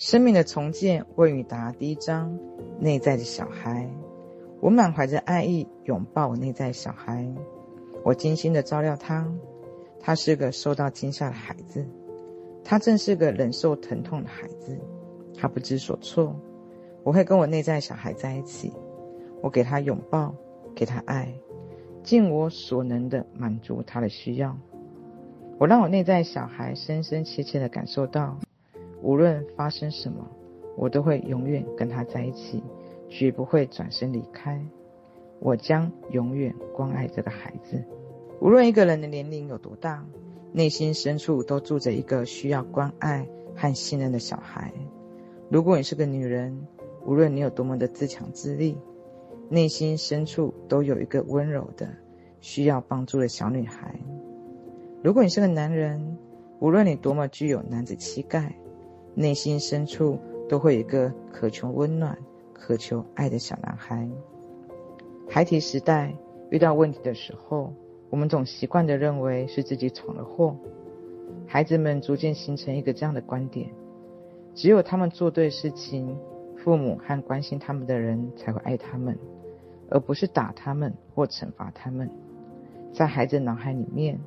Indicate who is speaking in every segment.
Speaker 1: 生命的重建問與答第一章：內在的小孩。我滿懷着愛意擁抱我內在小孩，我精心的照料他。他是個受到驚嚇的孩子，他正是個忍受疼痛的孩子，他不知所措。我會跟我內在小孩在一起，我給他擁抱，給他愛，盡我所能的滿足他的需要。我讓我內在小孩深深切切的感受到。無論發生什麼，我都會永遠跟他在一起，絕不會轉身離開。我將永遠關愛這個孩子。無論一個人的年齡有多大，內心深處都住着一個需要關愛和信任的小孩。如果你是個女人，無論你有多麼的自強自立，內心深處都有一個溫柔的、需要幫助的小女孩。如果你是個男人，無論你多麼具有男子氣概，內心深處都會有一個渴求溫暖、渴求愛的小男孩。孩提時代遇到問題的時候，我們總習慣地認為是自己闖了禍。孩子們逐漸形成一個這樣的觀點：只有他們做對事情，父母和關心他們的人才會愛他們，而不是打他們或懲罰他們。在孩子腦海裡面，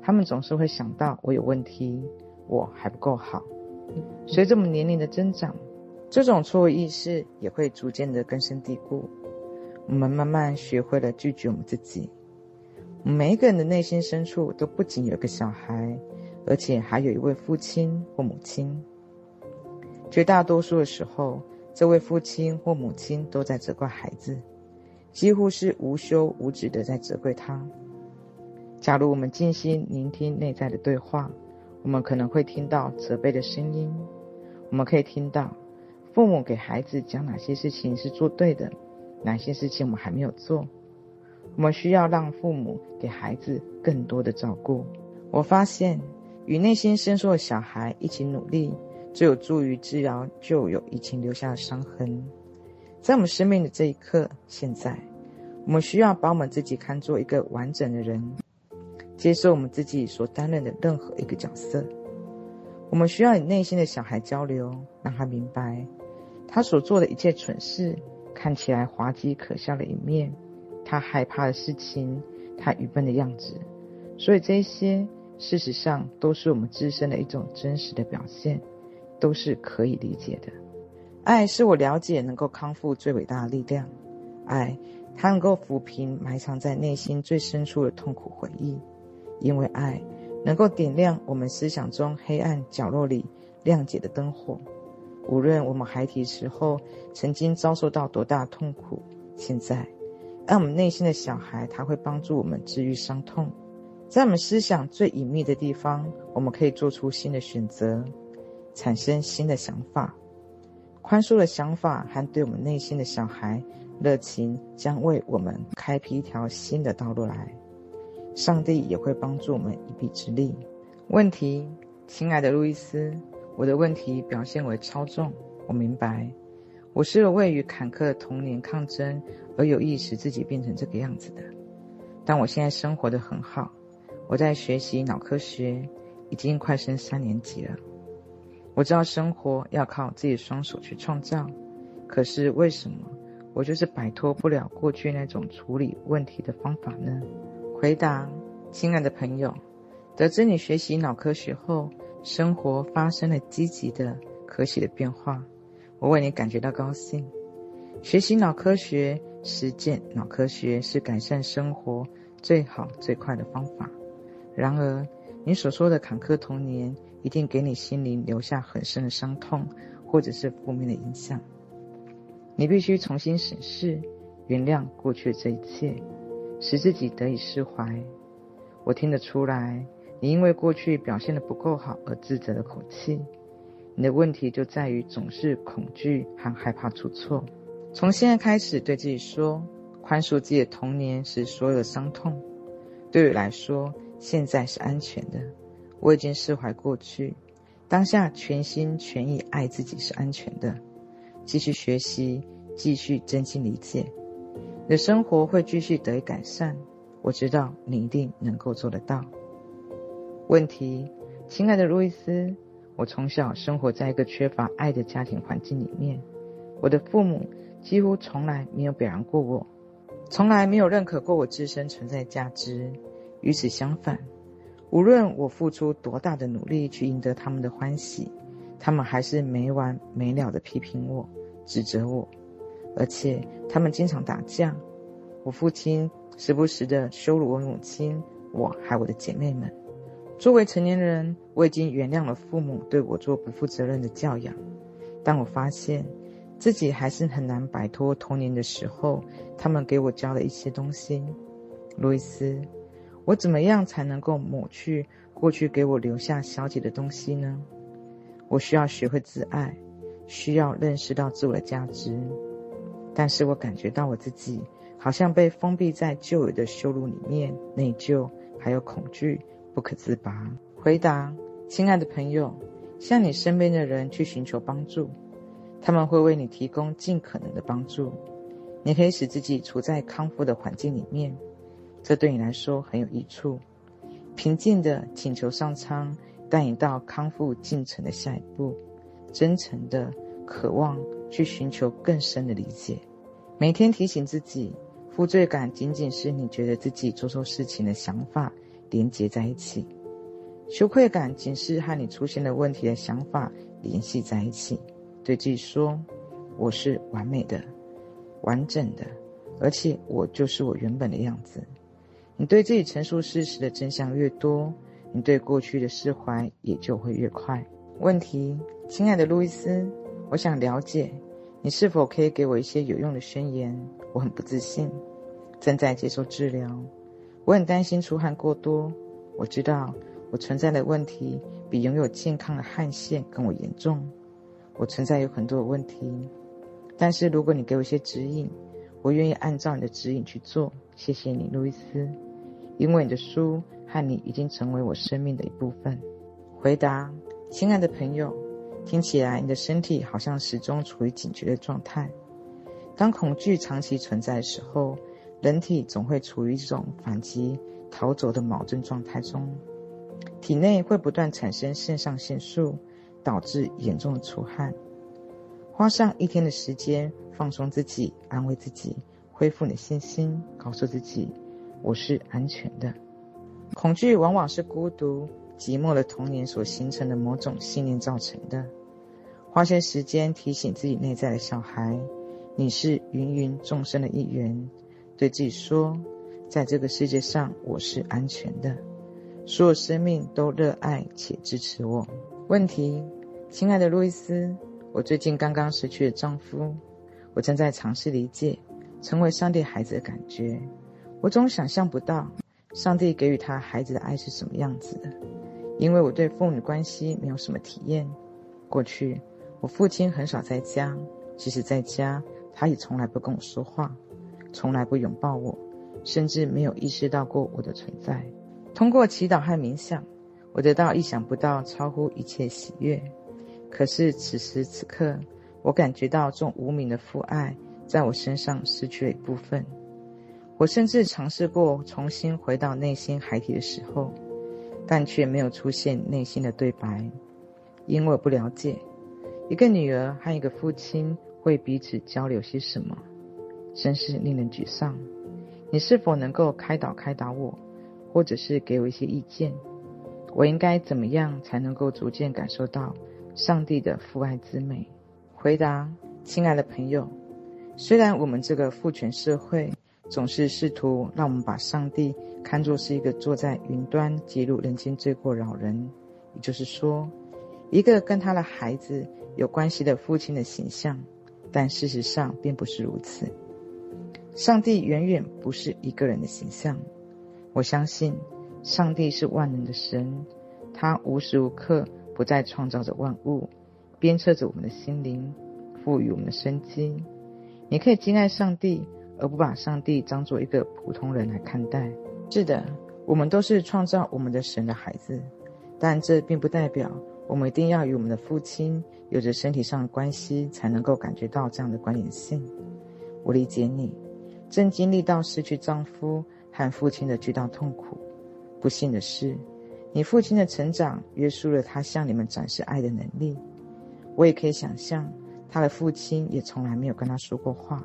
Speaker 1: 他們總是會想到我有問題，我還不夠好。隨着我們年齡的增長，這種錯誤意識也會逐漸的根深蒂固。我們慢慢學會了拒絕我們自己。我每一個人的內心深處都不僅有個小孩，而且還有一位父親或母親。絕大多數的時候，這位父親或母親都在責怪孩子，幾乎是無休無止的在責怪他。假如我們靜心聆聽內在的對話。我們可能會聽到責備的聲音，我們可以聽到父母給孩子講哪些事情是做對的，哪些事情我們還沒有做。我們需要讓父母給孩子更多的照顧。我發現，與內心深處的小孩一起努力，最有助於治療舊有疫情留下的傷痕。在我們生命的這一刻，現在，我們需要把我們自己看作一個完整的人。接受我們自己所擔任的任何一個角色，我們需要與內心的小孩交流，讓他明白，他所做的一切蠢事，看起來滑稽可笑的一面，他害怕的事情，他愚笨的樣子，所以這些事實上都是我們自身的一種真實的表現，都是可以理解的。愛是我了解能夠康復最偉大的力量，愛它能夠撫平埋藏在內心最深處的痛苦回憶。因為愛能夠點亮我們思想中黑暗角落裡諒解的燈火。無論我們孩提時候曾經遭受到多大的痛苦，現在，讓我們內心的小孩，他會幫助我們治癒傷痛。在我們思想最隱祕的地方，我們可以做出新的選擇，產生新的想法。寬恕的想法和對我們內心的小孩熱情，將為我們開闢一條新的道路來。上帝也會幫助我們一臂之力。問題，親愛的路易斯，我的問題表現為超重。我明白，我是為與位於坎坷的童年抗爭而有意使自己變成這個樣子的。但我現在生活得很好，我在學習腦科學，已經快升三年級了。我知道生活要靠自己雙手去創造，可是為什麼我就是擺脫不了過去那種處理問題的方法呢？回答，親愛的朋友，得知你學習腦科學後，生活發生了積極的、可喜的變化，我為你感覺到高興。學習腦科學、實踐腦科學是改善生活最好、最快的方法。然而，你所說的坎坷童年一定給你心靈留下很深的傷痛，或者是負面的影響。你必須重新審視，原諒過去的這一切。使自己得以釋懷。我聽得出來，你因為過去表現得不夠好而自責的口氣。你的問題就在於總是恐懼和害怕出錯。從現在開始，對自己說：寬恕自己的童年時所有的傷痛。對我來說，現在是安全的。我已經釋懷過去，當下全心全意愛自己是安全的。繼續學習，繼續真心理解。你的生活會繼續得以改善，我知道你一定能夠做得到。問題，親愛的路易斯，我從小生活在一個缺乏愛的家庭環境裡面，我的父母幾乎從來沒有表揚過我，從來沒有認可過我自身存在價值。與此相反，無論我付出多大的努力去贏得他們的歡喜，他們還是沒完沒了的批評我，指責我。而且他們經常打架，我父親時不時地羞辱我母親，我還有我的姐妹們。作為成年人，我已經原諒了父母對我做不負責任的教養，但我發現自己還是很難擺脫童年的時候他們給我教的一些東西。路易斯，我怎麼樣才能夠抹去過去給我留下消極的東西呢？我需要學會自愛，需要認識到自我的價值。但是我感覺到我自己好像被封閉在舊有的羞辱裡面，內疚還有恐懼，不可自拔。回答，親愛的朋友，向你身邊的人去尋求幫助，他們會為你提供盡可能的幫助。你可以使自己處在康復的環境裡面，這對你來說很有益處。平靜地請求上蒼帶你到康復進程的下一步，真誠地渴望。去尋求更深的理解，每天提醒自己，負罪感僅僅是你覺得自己做錯事情的想法連接在一起；羞愧感僅是和你出現的問題的想法聯繫在一起。對自己說：“我是完美的、完整的，而且我就是我原本的樣子。”你對自己陳述事實的真相越多，你對過去的釋懷也就會越快。問題，親愛的路易斯。我想了解，你是否可以給我一些有用的宣言？我很不自信，正在接受治療，我很擔心出汗過多。我知道我存在的問題比擁有健康的汗腺更為嚴重。我存在有很多的問題，但是如果你給我一些指引，我願意按照你的指引去做。謝謝你，路易斯，因為你的書和你已經成為我生命的一部分。回答，親愛的朋友。聽起來，你的身體好像始終處於警覺的狀態。當恐懼長期存在的時候，人體總會處於這種反擊、逃走的矛盾狀態中，體內會不斷產生腎上腺素，導致嚴重的出汗。花上一天的時間放鬆自己，安慰自己，恢復你的信心，心，告訴自己：“我是安全的。”恐懼往往是孤獨。寂寞的童年所形成的某種信念造成的。花些時間提醒自己內在的小孩：“你是芸芸眾生的一員。”對自己說：“在這個世界上，我是安全的。所有生命都熱愛且支持我。”問題：親愛的路易斯，我最近剛剛失去了丈夫，我正在嘗試理解成為上帝孩子的感覺。我總想象不到上帝給予他孩子的愛是什麼樣子的。因為我對父女關係沒有什麼體驗，過去我父親很少在家，即使在家，他也從來不跟我說話，從來不擁抱我，甚至沒有意識到過我的存在。通過祈禱和冥想，我得到意想不到、超乎一切喜悅。可是此時此刻，我感覺到這種無名的父愛在我身上失去了一部分。我甚至嘗試過重新回到內心海底的時候。但卻沒有出現內心的對白，因為我不了解一個女兒和一個父親會彼此交流些什麼，真是令人沮喪。你是否能夠開導開導我，或者是給我一些意見？我應該怎麼樣才能夠逐漸感受到上帝的父愛之美？回答，親愛的朋友，雖然我們這個父權社會。總是試圖讓我們把上帝看作是一個坐在雲端記錄人間罪過老人，也就是說，一個跟他的孩子有關係的父親的形象。但事實上並不是如此，上帝遠遠不是一個人的形象。我相信，上帝是萬能的神，他無時無刻不在創造着萬物，鞭策着我們的心靈，賦予我們的生機。你可以敬愛上帝。而不把上帝當作一個普通人來看待。是的，我們都是創造我們的神的孩子，但這並不代表我們一定要與我們的父親有着身體上的關係才能夠感覺到這樣的關聯性。我理解你，正經歷到失去丈夫和父親的巨大痛苦。不幸的是，你父親的成長約束了他向你們展示愛的能力。我也可以想象，他的父親也從來沒有跟他說過話。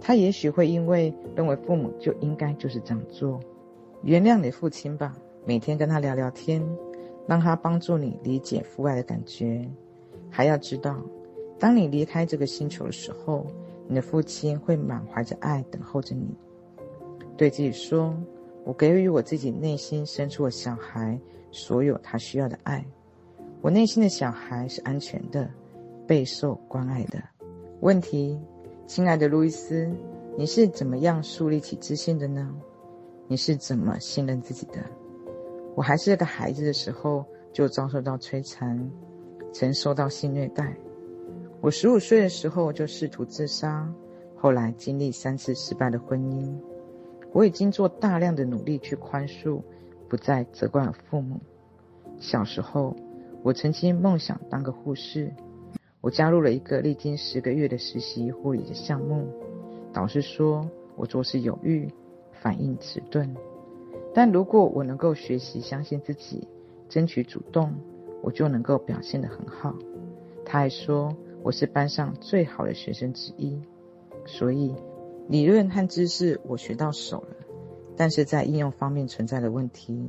Speaker 1: 他也許會因為認為父母就應該就是這樣做，原諒你的父親吧，每天跟他聊聊天，讓他幫助你理解父愛的感覺。還要知道，當你離開這個星球的時候，你的父親會滿懷着愛等候着你。對自己說：“我給予我自己內心深處的小孩所有他需要的愛，我內心的小孩是安全的，備受關愛的。”問題。親愛的路易斯，你是怎麼樣樹立起自信的呢？你是怎麼信任自己的？我還是一個孩子的時候就遭受到摧殘，曾受到性虐待。我十五歲的時候就試圖自殺，後來經歷三次失敗的婚姻。我已經做大量的努力去寬恕，不再責怪父母。小時候，我曾經夢想當個護士。我加入了一個歷經十個月的實習護理的項目，導師說我做事猶豫，反應遲鈍，但如果我能夠學習相信自己，爭取主動，我就能夠表現得很好。他還說我是班上最好的學生之一，所以理論和知識我學到手了，但是在應用方面存在的問題。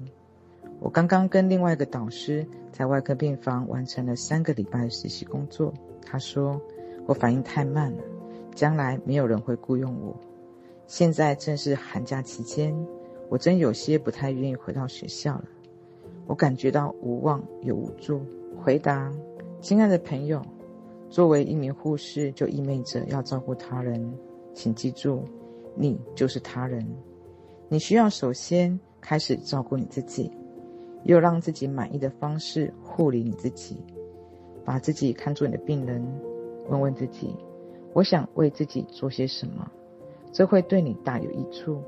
Speaker 1: 我剛剛跟另外一個導師在外科病房完成了三個禮拜的實習工作。他說：“我反應太慢了，將來沒有人會僱傭我。現在正是寒假期間，我真有些不太願意回到學校了。我感覺到無望又無助。”回答：“親愛的朋友，作為一名護士，就意味着要照顧他人。請記住，你就是他人。你需要首先開始照顧你自己，用讓自己滿意的方式護理你自己。”把自己看作你的病人，問問自己：我想為自己做些什麼？這會對你大有益處。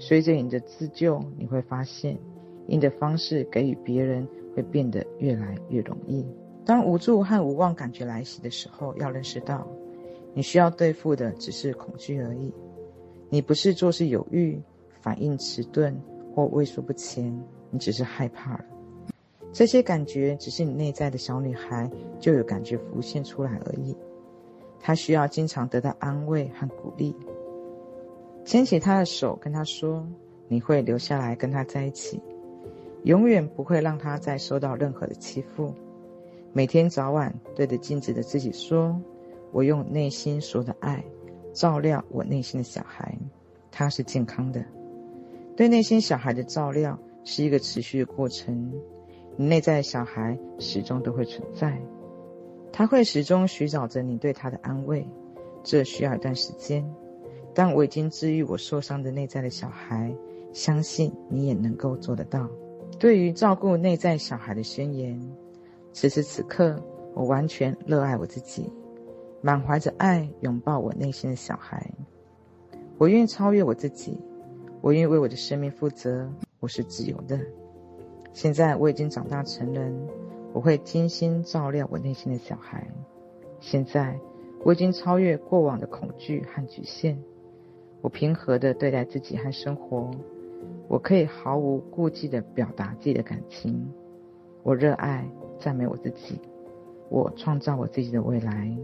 Speaker 1: 隨着你的自救，你會發現，你的方式給予別人會變得越來越容易。當無助和無望感覺來襲的時候，要認識到，你需要對付的只是恐懼而已。你不是做事猶豫、反應遲鈍或畏縮不前，你只是害怕了。這些感覺只是你內在的小女孩就有感覺浮現出來而已。她需要經常得到安慰和鼓勵。牽起她的手，跟她說：“你會留下來跟她在一起，永遠不會讓她再受到任何的欺負。”每天早晚對着鏡子的自己說：“我用內心所有的愛照料我內心的小孩，她是健康的。”對內心小孩的照料是一個持續的過程。你內在的小孩始終都會存在，他會始終尋找着你對他的安慰，這需要一段時間。但我已經治癒我受傷的內在的小孩，相信你也能夠做得到。對於照顧內在小孩的宣言，此時此刻，我完全熱愛我自己，滿懷着愛擁抱我內心的小孩。我願意超越我自己，我願意為我的生命負責，我是自由的。現在我已經長大成人，我會精心照料我內心的小孩。現在我已經超越過往的恐懼和局限，我平和地對待自己和生活，我可以毫無顧忌地表達自己的感情。我熱愛、讚美我自己，我創造我自己的未來。